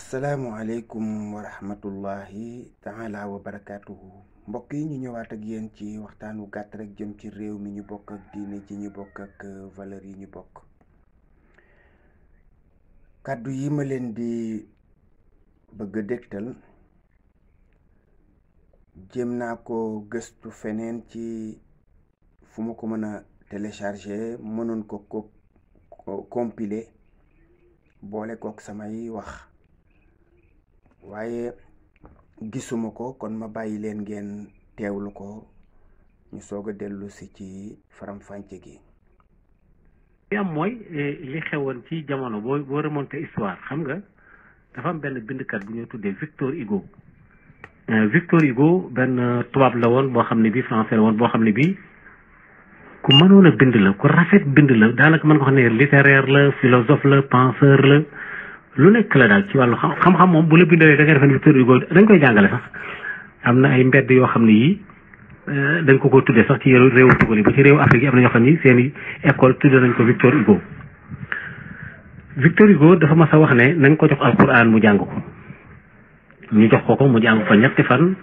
asalaamualeykum wa rahmatullahi taala wa barakaatuhu mbokk yi ñu ñëwaat ak yéen ci waxtaanu gàtt rek jëm ci réew mi ñu bokk ak diine ci ñu bokk ak euh, valeur yi ñu bokk kàddu yi ma leen di bëgg a dégtal jéem naa ko gëstu feneen ci fu ma ko mën a télécharger mënoon ko ko compiler boole kook samay wax waaye gisuma ko kon ma bàyyi leen ngeen teewlu ko ñu soog a dellu ci faram-fàcce gi. li am mooy eh, li xewoon ci jamono boo boo remonté histoire xam nga dafa am benn bindkat bu ñuy tuddee Victor Hugo. Eh, Victor Hugo benn tubaab la woon boo xam ne bii français la woon boo xam ne bii ku mënoon a bind la ku rafet bind la daanaka mën nga xam ne littéraire la philosophe la penseur la. lu nekk la daal ci wàllu xam-xam moom bu la bindalee da ngay defe ne Victor Hugo dañ koy jàngale sax am na ay mbedd yoo xam ne yii euh, dañ ko ko tuddee sax ci réewu réew yi ba ci réewu Afrique yi am na ñoo xam ni école tuddee nañ ko Victor Hugo Victor Hugo dafa mas a wax ne nañ ko jox alquran mu jàng ko ñu jox ko ko mu jàng fa ñetti fan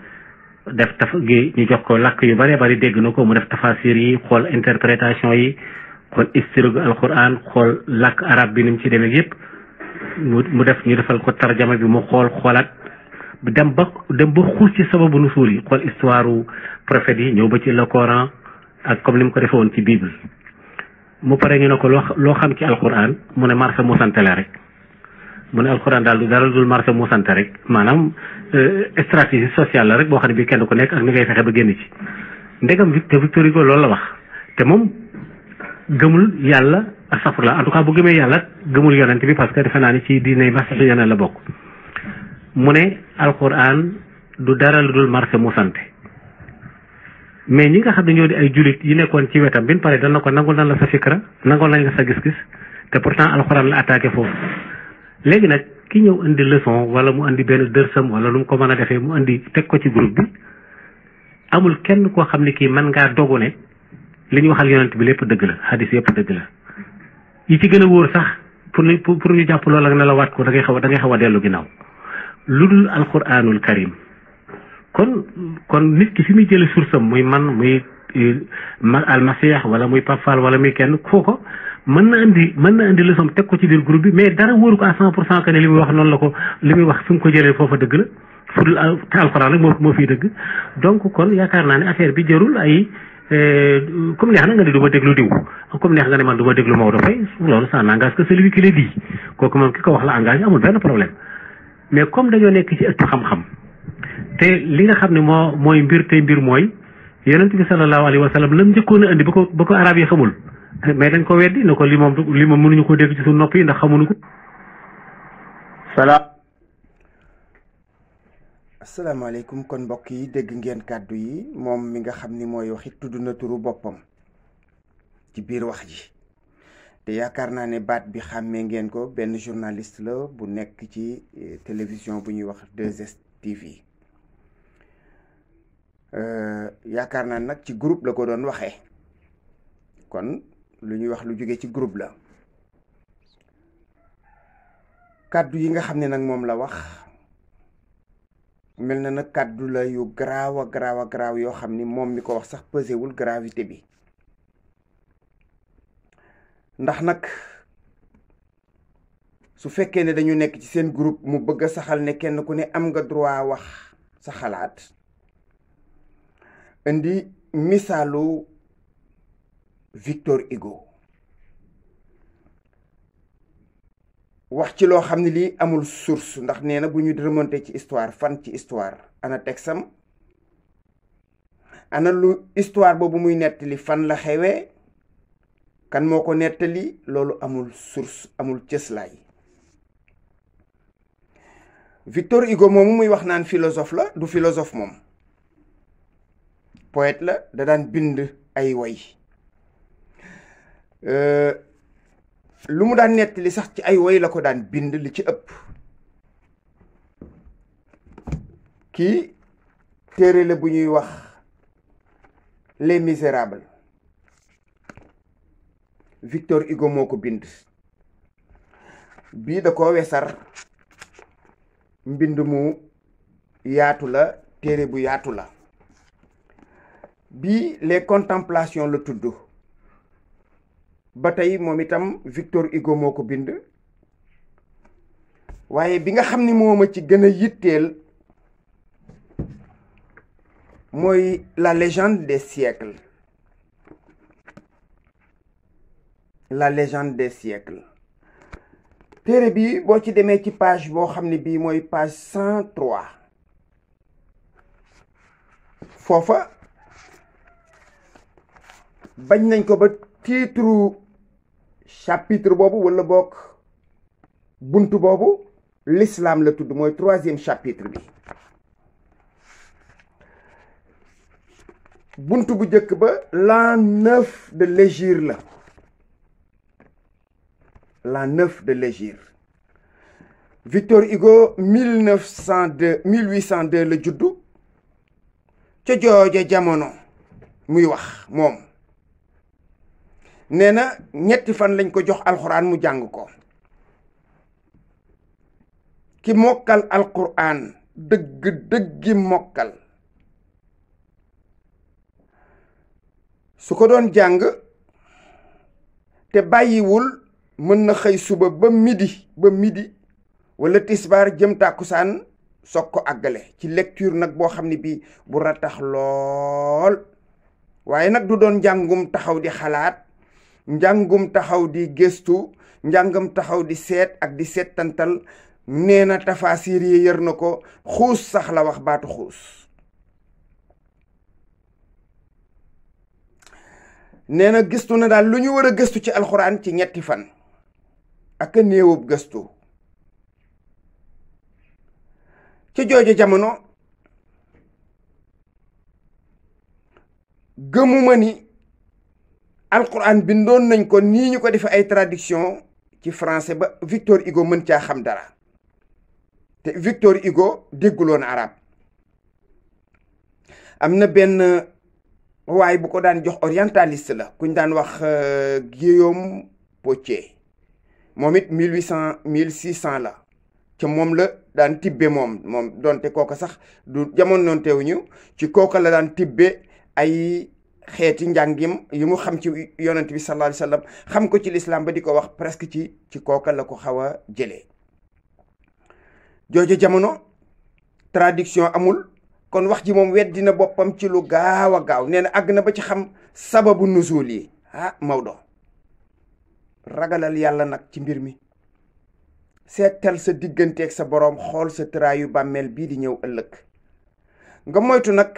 def taf gi ñu jox ko làkk yu bëree bëri dégg na ko mu def tafasir yi xool interprétation yi xool historique alquran xool làkk arab bi ni mu ci demee yépp mu def ñu defal ko tarjama bi mu xool xoolaat dem ba dem ba xuus ci sababu nusuul yi xool histoire u prophètes yi ñëw ba ci la Coran ak comme ni mu ko defee woon ci bi mu pare ñu ne ko loo xam ci alquran mu ne marsa mu sante la rek mu ne alquran daal du dara dul marsa mu sante rek maanaam euh, stratégie sociale la rek boo xam ne bii kenn ku nekk ak ni ngay fexe ba génn ci ndegam Victor Hugo loolu la wax te moom gëmul yàlla astafurlah en tout cas bu gëmee yàlla gëmul yonent bi parce que defe naa ni ci diine masixiyana la bokk mu ne alquran du dara lu dul marché mu sante mais ñi nga xam ne ñoo di ay julit yi nekkoon ci wetam bin pare dana ko nangul nan la sa fikra nangul nañ la sa gis-gis te pourtant alquran la attaqué foofu léegi nag ki ñëw indi leçon wala mu indi benn dërsam wala lu mu ko mën a defee mu indi teg ko ci groupe bi amul kenn koo xam ne kii man ngaa dogu ne li ñu waxal yonent bi lépp dëgg la yëpp dëgg la yi ci gën a wóor sax pour ñu pour ñu jàpp loolu ak ne la waat ko da ngay xaw a da ngay xaw a dellu ginnaaw lu dul alquranul karim kon kon nit ki fi muy jëlee source am muy man muy eh, almasiix wala muy papal wala muy kenn kooko mën na andi mën na andi leçon teg ko ci biir groupe bi mais dara wóoru ko à cent pour cent que ne li muy wax noonu la ko li muy wax fi mu ko jëlee foofa dëgg la fu dul ah, te alxuraan rek moo moo fiy dëgg donc kon yaakaar naa ne affaire bi jarul ay eh, comme neex na nga ne du ma déglu diw comme neex nga ne man du ma déglu Maodo Faye loolu ça n'engage que celui qui le dit kooku moom ki ko wax la engagé amul benn problème mais comme dañoo nekk ci ëpp xam-xam te li nga xam ne moo mooy mbir te mbir mooy yeneen bi sallallahu alayhi wa sallam lam njëkkoon a indi ba ko ba ko arab yi xamul mais dañ ko weddi ne ko li moom li moom mënuñu ko dégg ci suñu nopp yi ndax xamuñu ko. salaam. asalaamaaleykum kon mbokk yi dégg ngeen kàddu yi moom mi nga xam ni mooy waxi tudd na turu boppam. ci biir wax ji te yaakaar naa ne baat bi xàmmee ngeen ko benn journaliste la bu nekk ci eh, télévision bu ñuy wax 2STV euh, yaakaar naa nag ci groupe la ko doon waxe kon lu ñuy wax lu jóge ci groupe la kàddu yi nga xam ne nag moom la wax mel na nag kàddu la yu garaaw a garaaw a garaaw yoo xam ni moom mi ko wax sax pesewul gravité bi ndax nag su fekkee ne dañu nekk ci seen groupe mu bëgg a saxal ne kenn ku ne am nga droit wax sa xalaat indi misaalu Victor Hugo wax ci loo xam ne lii amul source ndax nee na bu ñu remonté ci histoire fan ci histoire ana texam ana lu histoire boobu muy nettali fan la xewee kan moo ko nettali loolu amul source amul cëslaay Victor Hugo moom muy wax naan philosophe la du philosophe moom poète la da daan bind ay woy euh, lu mu daan nettali sax ci ay woy la ko daan bind li ci ëpp kii téere la bu ñuy wax Les Misérables Victor Hugo moo ko bind bii da ko wesar mbind mu yaatu la téere bu yaatu la bii les contemplation la tudd ba tey moom itam Victor Hugo moo ko bind waaye bi nga xam ni moo ma ci gën a yitteel mooy la légende des siècles la légende des siècles téere bi boo ci demee ci page boo xam ne bii mooy page cent foofa bañ nañ ko ba titre chapitre boobu wala bokk bunt boobu l'islam la tudd mooy troisième chapitre bi bunt bu njëkk ba l'an neuf de l'hégire la la neuf de l'Égir Victor Hugo 1902 1802 la juddu ca jooje jamono muy wax moom nee na ñetti fan lañ ko jox alxuraan mu jàng ko ki mokkal alxuraan dëgg dëggi mokkal su ko doon jàng te bàyyiwul mën na xëy suba ba midi ba midi wala tisbaar jëm tàkkusaan soog ko àggale ci lecture nag boo xam ne bi bu rattax lool waaye nag du doon njàngum taxaw di xalaat njàngum taxaw di gëstu njàngum taxaw di seet ak di seetantal nee na tafaasir yi yër na ko xuus sax la wax baatu xuus nee na gëstu na daal lu ñu war a gëstu ci alxuraan ci ñetti fan ak a néewub gëstu ci jooju jamono gëmuma ni alquran bindoon nañ ko nii ñu ko defee ay traduction ci français ba Victor Hugo mën caa xam dara te Victor Hugo dégguloon arab am na benn waay bu ko daan jox orientaliste la kuñ daan wax euh, Guillaume Pottier moom it mille huit cent mille six cent la ca moom la daan tibbe moom moom donte kooka sax du jamono ci kooka la daan tibbe ay xeeti njàngim yi mu xam ci yonent bi sallallahu alayhi xam ko ci lislaam ba di ko wax presque ci ci kooka la ko xaw a jëlee jooju jamono traduction amul kon wax ji moom weddi na boppam ci lu gaaw a gaaw nee na àgg na ba ci xam sababu nuzuul yi ah Maodo ragalal yàlla nag ci mbir mi seetal sa diggante digganteeg sa boroom xool sa tëraayu bàmmeel bii di ñëw ëllëg nga moytu nag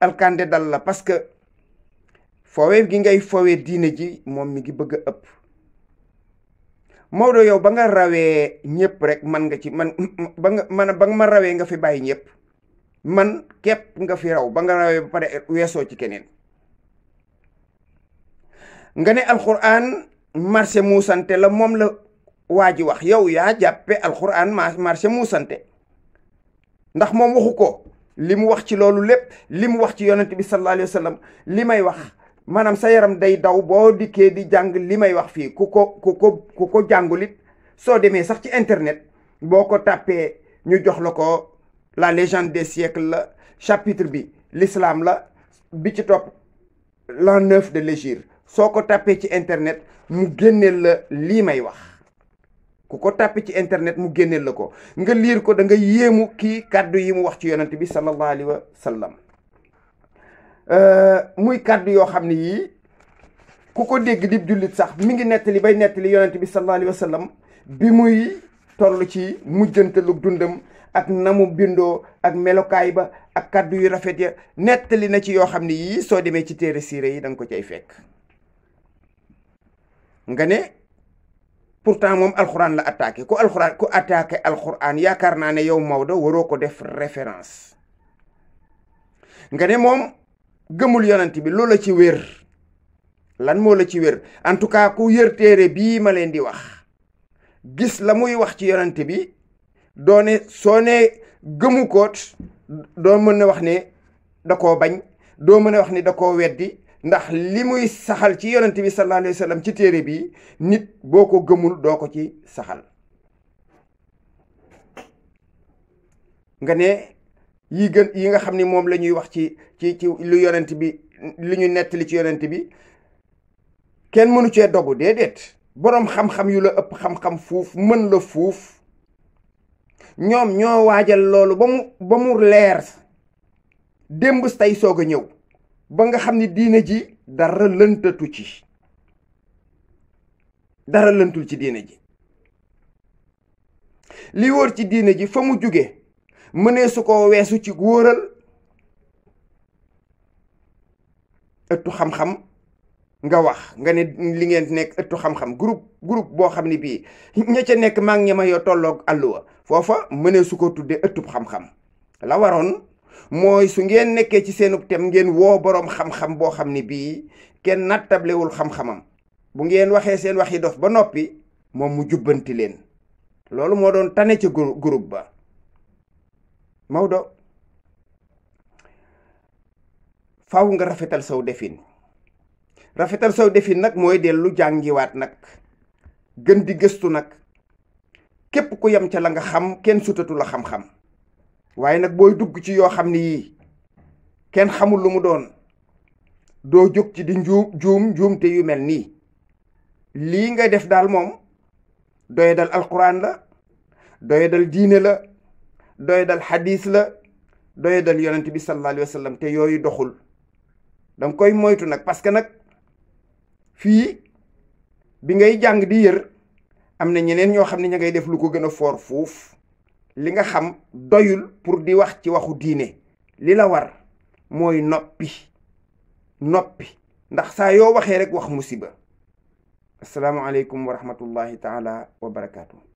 alkaande dal la parce que foowe gi ngay foowe diine ji moom mi ngi bëgg ëpp Maodo yow ba nga rawee ñëpp rek man nga ci man ba ma rawee nga fi bàyyi ñëpp man képp nga fi raw ba nga rawee ba pare weesoo ci keneen nga ne alxuraan marché muusante la moom la waa ji wax yow yaa jàppe alxuraan marché muusante ndax moom waxu ko li mu wax ci loolu lépp li mu wax ci yonent bi sallallahu alayhi wa li may wax maanaam sa yaram day daw boo dikkee di jàng li may wax fii ku ko ku ko ku ko jàngulit soo demee sax ci internet boo ko tàppee ñu jox la ko la légende des siècles la chapitre bi lislaam la bi ci topp l'an neuf de l'hégire soo ko tàppee ci internet mu génneel la lii may wax ku ko tàppee ci internet mu génneel la ko nga liir ko da nga yéemu kii kàddu yi mu wax ci yonent bi sallallahu alayhi wa sallam euh, muy kàddu yoo xam ne yii ku ko dégg di jullit sax mi ngi nettali bay nettali yonent bi sallallahu alayhi wa sallam bi muy toll ci mujjantalug dundam ak namu bindoo ak melokaay ba ak kàddu yu rafet ya nettali na ci yoo xam ne yii soo demee ci téere siire yi danga ko cay fekk nga ne pourtant moom alxuraan la attaqué ku alxuraan ku attaqué alxuraan yaakaar naa ne yow Maodo waroo ko def référence nga ne moom gëmul yonent bi loola ci wér lan moo la ci wér en tout cas ku yër téere bii ma leen di wax gis la muy wax ci yonent bi doone soo ne gëmu koot doo mën a wax ne da koo bañ doo mën a wax ne da koo weddi ndax li muy saxal ci yonent bi sallallahu alayhi ci téere bi nit boo ko gëmul doo ko ci saxal nga ne yi gën yi nga xam ni moom la ñuy wax ci ci ci lu yonent bi li ñu nettali ci yonent bi kenn mënu cee dogu déedéet boroom xam-xam yu la ëpp xam-xam fuuf mën la fuuf ñoom ñoo waajal loolu ba mu ba mu leer démb tey soog a ñëw ba nga xam ni diine ji dara lëntatu ci dara lëntul ci diine ji li wóor ci diine ji fa mu jóge mënee su ko weesu ci wóoral ëttu xam-xam nga wax nga ni li ngeen nekk ëttu xam-xam groupe groupe boo xam ne bii ña ca nekk maa ngi ñema yoo tolloog àlluwa foofa mënee su ko tuddee ëttub xam-xam la waroon mooy su ngeen nekkee ci seenub tem ngeen woo boroom xam-xam boo xam ni bii kenn nattablewul xam-xamam bu ngeen waxee seen wax yi dof ba noppi moom mu jubbanti leen loolu moo doon tane ca gurub ba Maodo faw nga rafetal saw defin rafetal saw defin nag mooy dellu jàngiwaat nag gën di gëstu nag képp ku yem ca la nga xam kenn sutatu la xam-xam waaye nag booy dugg ci yoo xam ni yii kenn xamul lu mu doon doo jóg ci di njuum juum njuumte yu mel nii lii nga def daal moom doy dal alquran la doy dal diine la doy dal xadiis la doy dal yonent bi sallallahu alayhi te yooyu doxul danga koy moytu nag parce que nag fii bi ngay jàng di yër am na ñeneen ñoo xam ne ña ngay def lu ko gën a foor fuuf li nga xam doyul pour di wax ci waxu diine li la war mooy noppi noppi ndax saa yoo waxee rek wax musiba asalaamualeykum wa rahmatullahi taala wa barakaatu.